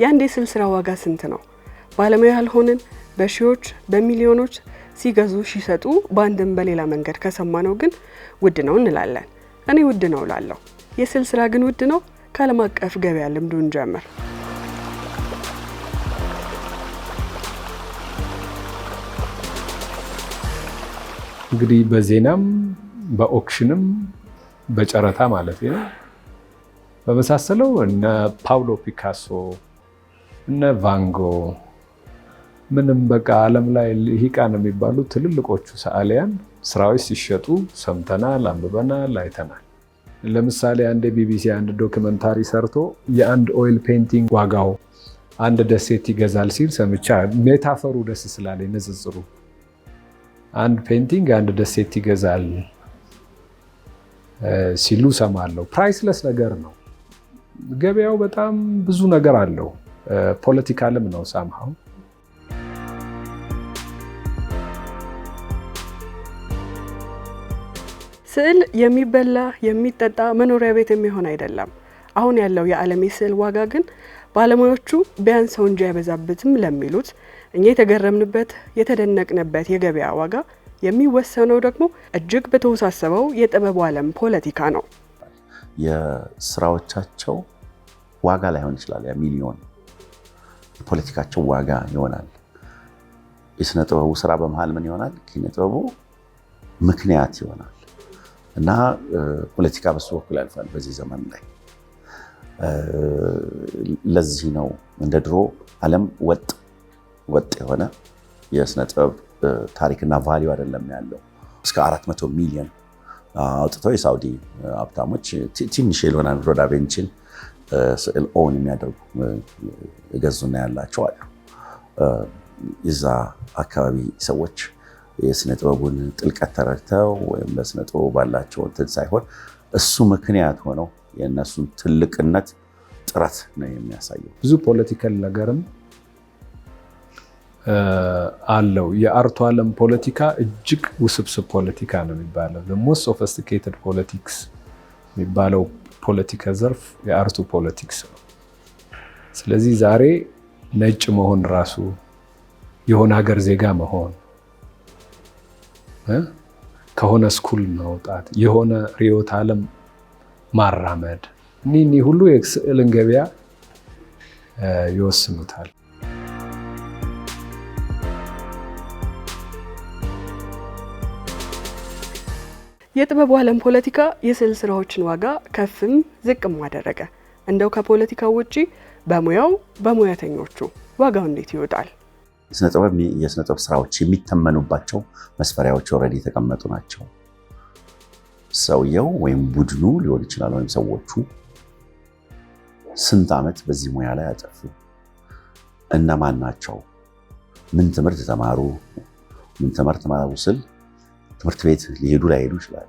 የአንድ የስዕል ስራ ዋጋ ስንት ነው? ባለሙያ ያልሆንን በሺዎች በሚሊዮኖች ሲገዙ ሲሰጡ፣ በአንድም በሌላ መንገድ ከሰማነው ግን ውድ ነው እንላለን። እኔ ውድ ነው እላለሁ። የስዕል ስራ ግን ውድ ነው? ከዓለም አቀፍ ገበያ ልምዱን ጀምር። እንግዲህ በዜናም በኦክሽንም በጨረታ ማለት ነው በመሳሰለው እነ ፓውሎ ፒካሶ እነ ቫንጎ ምንም በቃ ዓለም ላይ ነው የሚባሉ ትልልቆቹ ሰዓሊያን ስራዎች ሲሸጡ ሰምተናል፣ አንብበናል፣ አይተናል። ለምሳሌ አንድ የቢቢሲ አንድ ዶክመንታሪ ሰርቶ የአንድ ኦይል ፔንቲንግ ዋጋው አንድ ደሴት ይገዛል ሲል ሰምቻ ሜታፈሩ ደስ ስላለ ንጽጽሩ አንድ ፔንቲንግ አንድ ደሴት ይገዛል ሲሉ ሰማለሁ። ፕራይስለስ ነገር ነው። ገበያው በጣም ብዙ ነገር አለው። ፖለቲካልም ነው ሳምሃው ስዕል የሚበላ የሚጠጣ መኖሪያ ቤት የሚሆን አይደለም። አሁን ያለው የዓለም የስዕል ዋጋ ግን ባለሙያዎቹ ቢያንስ ሰው እንጂ አይበዛበትም ለሚሉት እኛ የተገረምንበት የተደነቅንበት የገበያ ዋጋ የሚወሰነው ደግሞ እጅግ በተወሳሰበው የጥበቡ ዓለም ፖለቲካ ነው። የስራዎቻቸው ዋጋ ላይሆን ይችላል ሚሊዮን የፖለቲካቸው ዋጋ ይሆናል። የስነ ጥበቡ ስራ በመሀል ምን ይሆናል? ኪነ ጥበቡ ምክንያት ይሆናል እና ፖለቲካ በሱ በኩል ያልፋል። በዚህ ዘመን ላይ ለዚህ ነው እንደ ድሮ ዓለም ወጥ ወጥ የሆነ የስነ ጥበብ ታሪክና ቫሊዩ አይደለም ያለው። እስከ አራት መቶ ሚሊዮን አውጥተው የሳውዲ ሀብታሞች ትንሽ የልሆና ሮዳ ስዕል ኦን የሚያደርጉ የገዙና ያላቸው አሉ። የዛ አካባቢ ሰዎች የስነ ጥበቡን ጥልቀት ተረድተው ወይም ለስነ ጥበቡ ባላቸው እንትን ሳይሆን እሱ ምክንያት ሆነው የእነሱን ትልቅነት ጥረት ነው የሚያሳየው። ብዙ ፖለቲካል ነገርም አለው። የአርቱ ዓለም ፖለቲካ እጅግ ውስብስብ ፖለቲካ ነው የሚባለው ሞስት ሶፊስቲኬትድ ፖለቲክስ የሚባለው ፖለቲካ ዘርፍ የአርቱ ፖለቲክስ ነው። ስለዚህ ዛሬ ነጭ መሆን ራሱ የሆነ ሀገር ዜጋ መሆን ከሆነ ስኩል መውጣት የሆነ ርዕዮተ ዓለም ማራመድ እኒህ ሁሉ የስዕልን ገበያ ይወስኑታል። የጥበቡ ዓለም ፖለቲካ የስዕል ስራዎችን ዋጋ ከፍም ዝቅም አደረገ። እንደው ከፖለቲካው ውጪ በሙያው በሙያተኞቹ ዋጋው እንዴት ይወጣል? የስነ ጥበብ የስነ ጥበብ ስራዎች የሚተመኑባቸው መስፈሪያዎች ኦልሬዲ የተቀመጡ ናቸው። ሰውየው ወይም ቡድኑ ሊሆን ይችላል ወይም ሰዎቹ ስንት ዓመት በዚህ ሙያ ላይ አጠፉ፣ እነማን ናቸው፣ ምን ትምህርት ተማሩ፣ ምን ትምህርት ተማሩ ስል ትምህርት ቤት ሊሄዱ ላይሄዱ ይችላሉ።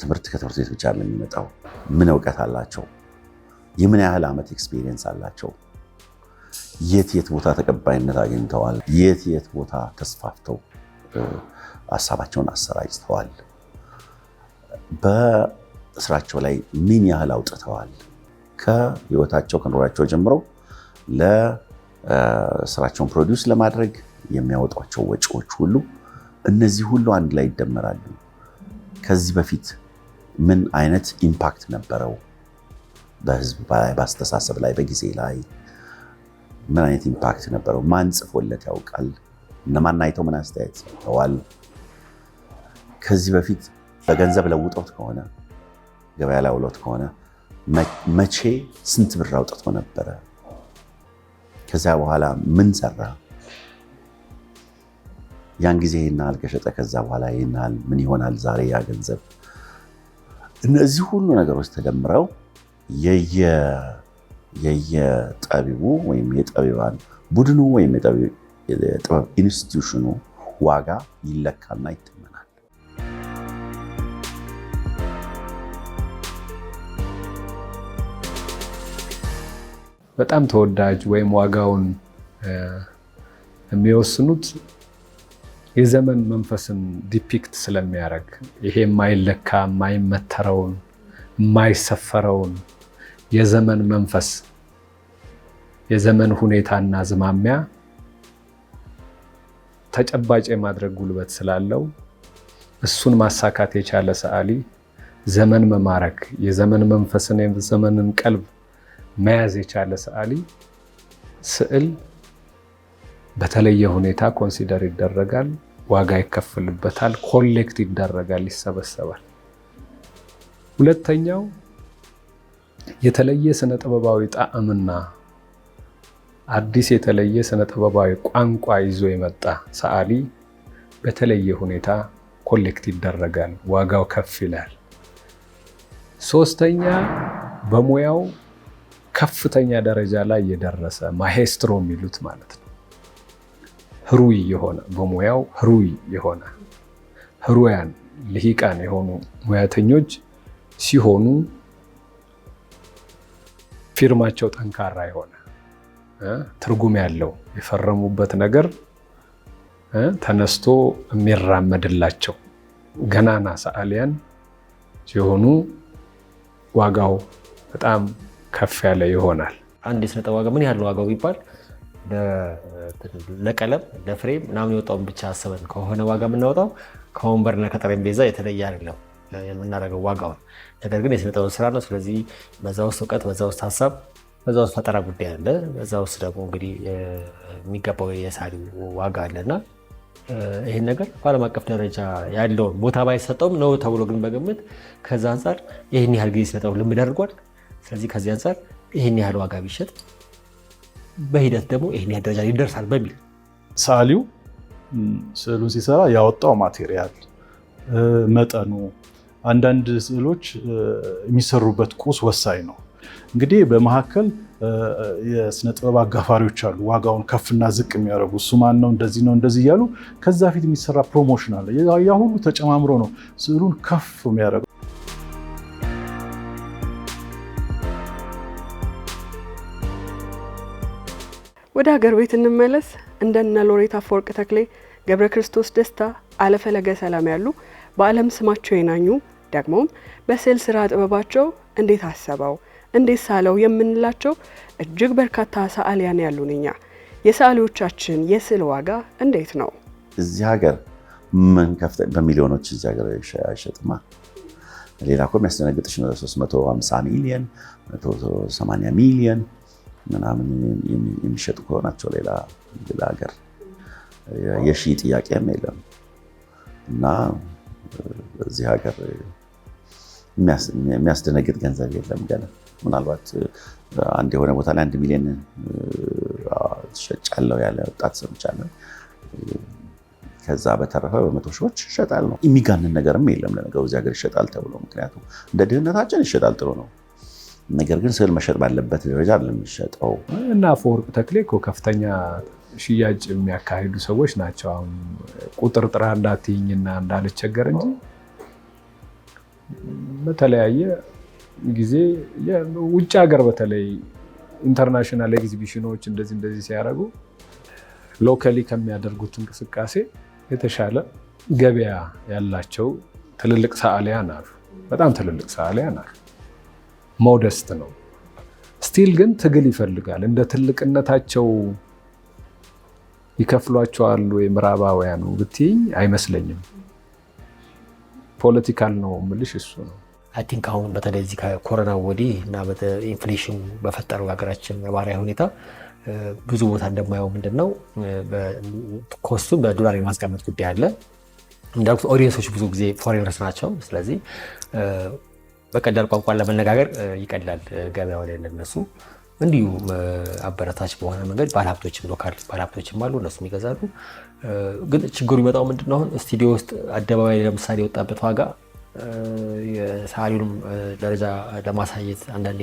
ትምህርት ከትምህርት ቤት ብቻ ነው የሚመጣው። ምን እውቀት አላቸው? የምን ያህል ዓመት ኤክስፔሪየንስ አላቸው? የት የት ቦታ ተቀባይነት አግኝተዋል? የት የት ቦታ ተስፋፍተው ሀሳባቸውን አሰራጭተዋል? በስራቸው ላይ ምን ያህል አውጥተዋል? ከህይወታቸው ከኑሯቸው ጀምሮ ለስራቸውን ፕሮዲውስ ለማድረግ የሚያወጧቸው ወጪዎች ሁሉ እነዚህ ሁሉ አንድ ላይ ይደመራሉ። ከዚህ በፊት ምን አይነት ኢምፓክት ነበረው? በህዝብ በአስተሳሰብ ላይ በጊዜ ላይ ምን አይነት ኢምፓክት ነበረው? ማን ጽፎለት ያውቃል? እነማን አይተው ምን አስተያየት ሰጥተዋል? ከዚህ በፊት በገንዘብ ለውጦት ከሆነ ገበያ ላይ ውሎት ከሆነ መቼ ስንት ብር አውጥቶ ነበረ? ከዚያ በኋላ ምን ሰራ? ያን ጊዜ ይህን ያህል ከሸጠ ከዛ በኋላ ይህን ያህል ምን ይሆናል ዛሬ ያ ገንዘብ። እነዚህ ሁሉ ነገሮች ተደምረው የየጠቢቡ ወይም የጠቢባን ቡድኑ ወይም የጥበብ ኢንስቲትዩሽኑ ዋጋ ይለካና ይተመናል። በጣም ተወዳጅ ወይም ዋጋውን የሚወስኑት የዘመን መንፈስን ዲፒክት ስለሚያደርግ ይሄ የማይለካ የማይመተረውን የማይሰፈረውን የዘመን መንፈስ የዘመን ሁኔታና ዝማሚያ ተጨባጭ የማድረግ ጉልበት ስላለው እሱን ማሳካት የቻለ ሰዓሊ ዘመን መማረክ የዘመን መንፈስን የዘመንን ቀልብ መያዝ የቻለ ሰዓሊ ስዕል በተለየ ሁኔታ ኮንሲደር ይደረጋል። ዋጋ ይከፍልበታል፣ ኮሌክት ይደረጋል፣ ይሰበሰባል። ሁለተኛው የተለየ ስነ ጥበባዊ ጣዕምና አዲስ የተለየ ስነ ጥበባዊ ቋንቋ ይዞ የመጣ ሰዓሊ በተለየ ሁኔታ ኮሌክት ይደረጋል፣ ዋጋው ከፍ ይላል። ሶስተኛ በሙያው ከፍተኛ ደረጃ ላይ የደረሰ ማሄስትሮ የሚሉት ማለት ነው። ህሩይ የሆነ በሙያው ህሩይ የሆነ ህሩያን ልሂቃን የሆኑ ሙያተኞች ሲሆኑ ፊርማቸው ጠንካራ የሆነ ትርጉም ያለው የፈረሙበት ነገር ተነስቶ የሚራመድላቸው ገናና ሰዓሊያን ሲሆኑ ዋጋው በጣም ከፍ ያለ ይሆናል። አንድ የስነ ጥበብ ዋጋ ምን ያህል ዋጋው ቢባል ለቀለም ለፍሬም ምናምን የወጣውን ብቻ አስበን ከሆነ ዋጋ የምናወጣው ከወንበርና ከጠረጴዛ የተለየ አይደለም የምናደርገው ዋጋውን። ነገር ግን የስነ ጥበብ ስራ ነው። ስለዚህ በዛ ውስጥ እውቀት፣ በዛ ውስጥ ሀሳብ፣ በዛ ውስጥ ፈጠራ ጉዳይ አለ። በዛ ውስጥ ደግሞ እንግዲህ የሚገባው የሳሪ ዋጋ እና ይህን ነገር በዓለም አቀፍ ደረጃ ያለውን ቦታ ባይሰጠውም ነው ተብሎ ግን በግምት ከዛ አንጻር ይህን ያህል ጊዜ ስነ ጥበብ ልምድ አድርጓል። ስለዚህ ከዚህ አንጻር ይህን ያህል ዋጋ ቢሸጥ በሂደት ደግሞ ይህን ደረጃ ይደርሳል በሚል ሳሊው ስዕሉን ሲሰራ ያወጣው ማቴሪያል መጠኑ፣ አንዳንድ ስዕሎች የሚሰሩበት ቁስ ወሳኝ ነው። እንግዲህ በመካከል የስነ ጥበብ አጋፋሪዎች አሉ። ዋጋውን ከፍና ዝቅ የሚያደርጉ እሱ ማን ነው እንደዚህ ነው እንደዚህ እያሉ ከዛ ፊት የሚሰራ ፕሮሞሽን አለ። ያ ሁሉ ተጨማምሮ ነው ስዕሉን ከፍ የሚያደርገው። ወደ ሀገር ቤት እንመለስ። እንደነ ሎሬት አፈወርቅ ተክሌ፣ ገብረ ክርስቶስ ደስታ፣ አለፈለገ ሰላም ያሉ በዓለም ስማቸው የናኙ ደግሞም በስዕል ስራ ጥበባቸው እንዴት አሰበው እንዴት ሳለው የምንላቸው እጅግ በርካታ ሰዓሊያን ያሉን እኛ የሰዓሊዎቻችን የስዕል ዋጋ እንዴት ነው? እዚህ ሀገር ምን ከፍተ በሚሊዮኖች እዚህ ሀገር አይሸጥማ። ሌላ እኮ የሚያስደነግጥሽ ነው 350 ሚሊየን 180 ሚሊየን ምናምን የሚሸጡ ከሆናቸው ሌላ ሀገር የሺ ጥያቄም የለም እና እዚህ ሀገር የሚያስደነግጥ ገንዘብ የለም። ገና ምናልባት አንድ የሆነ ቦታ ላይ አንድ ሚሊዮን ሸጫለው ያለ ወጣት ሰምቻለሁ። ከዛ በተረፈ በመቶ ሺዎች ይሸጣል ነው። የሚጋንን ነገርም የለም ለነገሩ እዚህ ሀገር ይሸጣል ተብሎ ምክንያቱም እንደ ድህነታችን ይሸጣል ጥሩ ነው። ነገር ግን ስዕል መሸጥ ባለበት ደረጃ ለሚሸጠው እና አፈወርቅ ተክሌ እኮ ከፍተኛ ሽያጭ የሚያካሂዱ ሰዎች ናቸው። አሁን ቁጥር ጥራ እንዳትይኝና እንዳልቸገር እንጂ በተለያየ ጊዜ ውጭ ሀገር በተለይ ኢንተርናሽናል ኤግዚቢሽኖች እንደዚህ እንደዚህ ሲያደርጉ ሎካሊ ከሚያደርጉት እንቅስቃሴ የተሻለ ገበያ ያላቸው ትልልቅ ሰዓሊያን አሉ። በጣም ትልልቅ ሰዓሊያን አሉ። ሞደስት ነው። ስቲል ግን ትግል ይፈልጋል። እንደ ትልቅነታቸው ይከፍሏቸዋል ወይ ምዕራባውያኑ ብትይኝ አይመስለኝም። ፖለቲካል ነው ምልሽ እሱ ነው። አይ ቲንክ አሁን በተለይ እዚህ ከኮሮና ወዲህ እና ኢንፍሌሽን በፈጠረው ሀገራችን ነባራዊ ሁኔታ ብዙ ቦታ እንደማየው ምንድን ነው ኮስቱን በዶላር የማስቀመጥ ጉዳይ አለ። እንዳልኩት ኦዲየንሶች ብዙ ጊዜ ፎሬነርስ ናቸው። ስለዚህ በቀላል ቋንቋ ለመነጋገር ይቀላል። ገበያው ላይ ለነሱ እንዲሁ አበረታች በሆነ መንገድ ባለሀብቶችም ሎካል ባለሀብቶችም አሉ፣ እነሱም ይገዛሉ። ግን ችግሩ ይመጣው ምንድነው? አሁን ስቱዲዮ ውስጥ አደባባይ ለምሳሌ የወጣበት ዋጋ የሰዓሊውንም ደረጃ ለማሳየት አንዳንዴ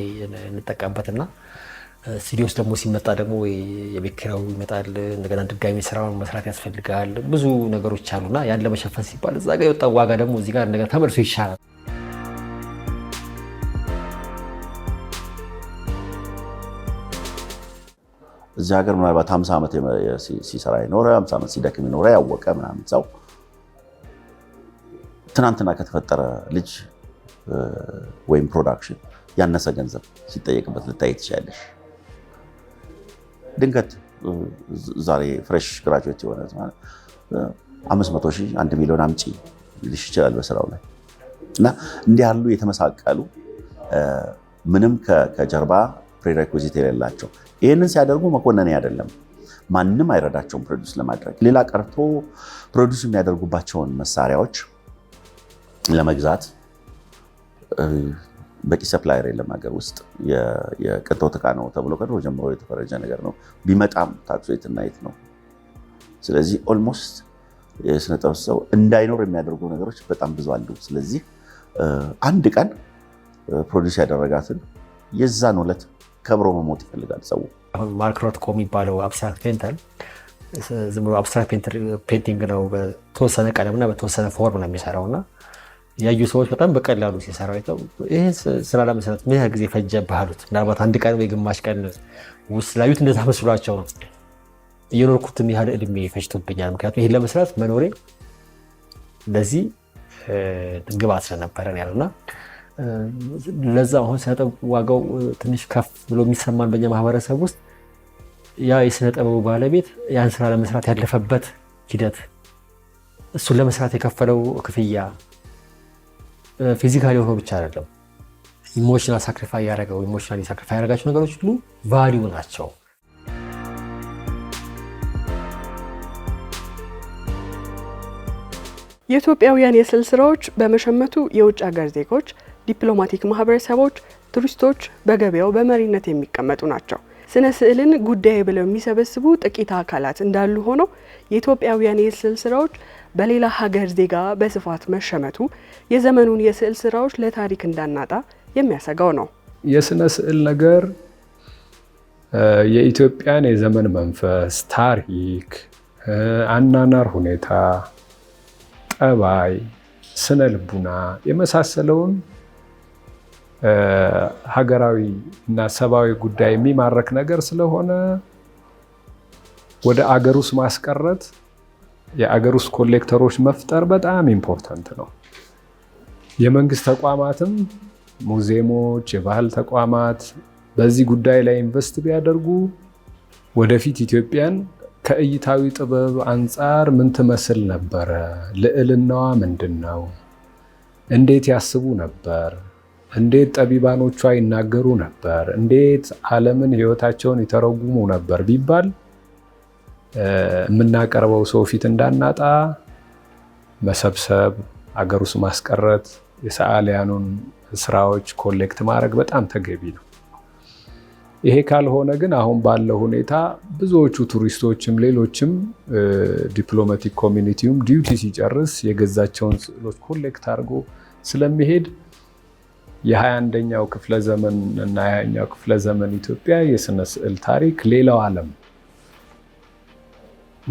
እንጠቀምበትና ስቱዲዮ ውስጥ ደግሞ ሲመጣ ደግሞ የቤት ኪራዩ ይመጣል። እንደገና ድጋሚ ስራውን መስራት ያስፈልጋል። ብዙ ነገሮች አሉና ያን ለመሸፈን ሲባል እዛ ጋር የወጣ ዋጋ ደግሞ እዚህ ጋር እንደገና ተመልሶ ይሻላል። እዚህ ሀገር ምናልባት 50 ዓመት ሲሰራ የኖረ 50 ዓመት ሲደክም የኖረ ያወቀ ምናምን ሰው ትናንትና ከተፈጠረ ልጅ ወይም ፕሮዳክሽን ያነሰ ገንዘብ ሲጠየቅበት ልታይ ትችላለሽ። ድንገት ዛሬ ፍሬሽ ግራጁዌት የሆነ አምስት ሺህ አንድ ሚሊዮን አምጪ ልሽ ይችላል በስራው ላይ እና እንዲህ ያሉ የተመሳቀሉ ምንም ከጀርባ ፕሬሬኩዚት የሌላቸው ይህንን ሲያደርጉ መኮንን አይደለም፣ ማንም አይረዳቸውም ፕሮዲስ ለማድረግ ሌላ ቀርቶ ፕሮዲስ የሚያደርጉባቸውን መሳሪያዎች ለመግዛት በቂ ሰፕላየር የለም ሀገር ውስጥ። የቅንጦት እቃ ነው ተብሎ ከድሮ ጀምሮ የተፈረጀ ነገር ነው። ቢመጣም ታክሱ የትና የት ነው? ስለዚህ ኦልሞስት የስነ ጥበብ ሰው እንዳይኖር የሚያደርጉ ነገሮች በጣም ብዙ አሉ። ስለዚህ አንድ ቀን ፕሮዲስ ያደረጋትን የዛን ዕለት ከብሮ መሞት ይፈልጋል ሰው። አሁን ማርክ ሮትኮ የሚባለው አብስትራክት ፔንተር ዝም ብሎ አብስትራክት ፔንቲንግ ነው። በተወሰነ ቀለምና በተወሰነ ፎርም ነው የሚሰራው እና ያዩ ሰዎች በጣም በቀላሉ ሲሰራ ይተው ይህ ስራ ለመሰረት ምን ያህል ጊዜ ፈጀ ባህሉት ምናልባት አንድ ቀን ወይ ግማሽ ቀን ውስጥ ላዩት እንደዛ መስሏቸው ነው እየኖርኩትም ያህል እድሜ ፈጅቶብኛል። ምክንያቱም ይህን ለመስራት መኖሬ ለዚህ ግባ ስለነበረን ያሉና ለዛ አሁን ስነ ጥበብ ዋጋው ትንሽ ከፍ ብሎ የሚሰማን በኛ ማህበረሰብ ውስጥ ያ የስነ ጥበቡ ባለቤት ያን ስራ ለመስራት ያለፈበት ሂደት፣ እሱን ለመስራት የከፈለው ክፍያ ፊዚካሊ ሆኖ ብቻ አይደለም። ኢሞሽናል ሳክሪፋ ያደረገው ኢሞሽናል ሳክሪፋ ያደረጋቸው ነገሮች ሁሉ ቫሊዩ ናቸው። የኢትዮጵያውያን የስዕል ስራዎች በመሸመቱ የውጭ ሀገር ዜጎች ዲፕሎማቲክ ማህበረሰቦች ቱሪስቶች በገበያው በመሪነት የሚቀመጡ ናቸው። ስነ ስዕልን ጉዳይ ብለው የሚሰበስቡ ጥቂት አካላት እንዳሉ ሆነው የኢትዮጵያውያን የስዕል ስራዎች በሌላ ሀገር ዜጋ በስፋት መሸመቱ የዘመኑን የስዕል ስራዎች ለታሪክ እንዳናጣ የሚያሰጋው ነው። የስነ ስዕል ነገር የኢትዮጵያን የዘመን መንፈስ፣ ታሪክ፣ አናናር ሁኔታ፣ ጠባይ፣ ስነ ልቡና የመሳሰለውን ሀገራዊ እና ሰብአዊ ጉዳይ የሚማረክ ነገር ስለሆነ ወደ አገር ውስጥ ማስቀረት የአገር ውስጥ ኮሌክተሮች መፍጠር በጣም ኢምፖርታንት ነው። የመንግስት ተቋማትም ሙዚየሞች፣ የባህል ተቋማት በዚህ ጉዳይ ላይ ኢንቨስት ቢያደርጉ ወደፊት ኢትዮጵያን ከእይታዊ ጥበብ አንጻር ምን ትመስል ነበረ? ልዕልናዋ ምንድን ነው? እንዴት ያስቡ ነበር? እንዴት ጠቢባኖቿ ይናገሩ ነበር፣ እንዴት ዓለምን ህይወታቸውን ይተረጉሙ ነበር ቢባል የምናቀርበው ሰው ፊት እንዳናጣ መሰብሰብ፣ አገር ውስጥ ማስቀረት፣ የሰዓሊያኑን ስራዎች ኮሌክት ማድረግ በጣም ተገቢ ነው። ይሄ ካልሆነ ግን አሁን ባለው ሁኔታ ብዙዎቹ ቱሪስቶችም ሌሎችም ዲፕሎማቲክ ኮሚኒቲውም ዲዩቲ ሲጨርስ የገዛቸውን ስዕሎች ኮሌክት አድርጎ ስለሚሄድ የ21ኛው ክፍለ ዘመን እና የ20ኛው ክፍለ ዘመን ኢትዮጵያ የስነ ስዕል ታሪክ ሌላው ዓለም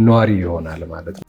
ነዋሪ ይሆናል ማለት ነው።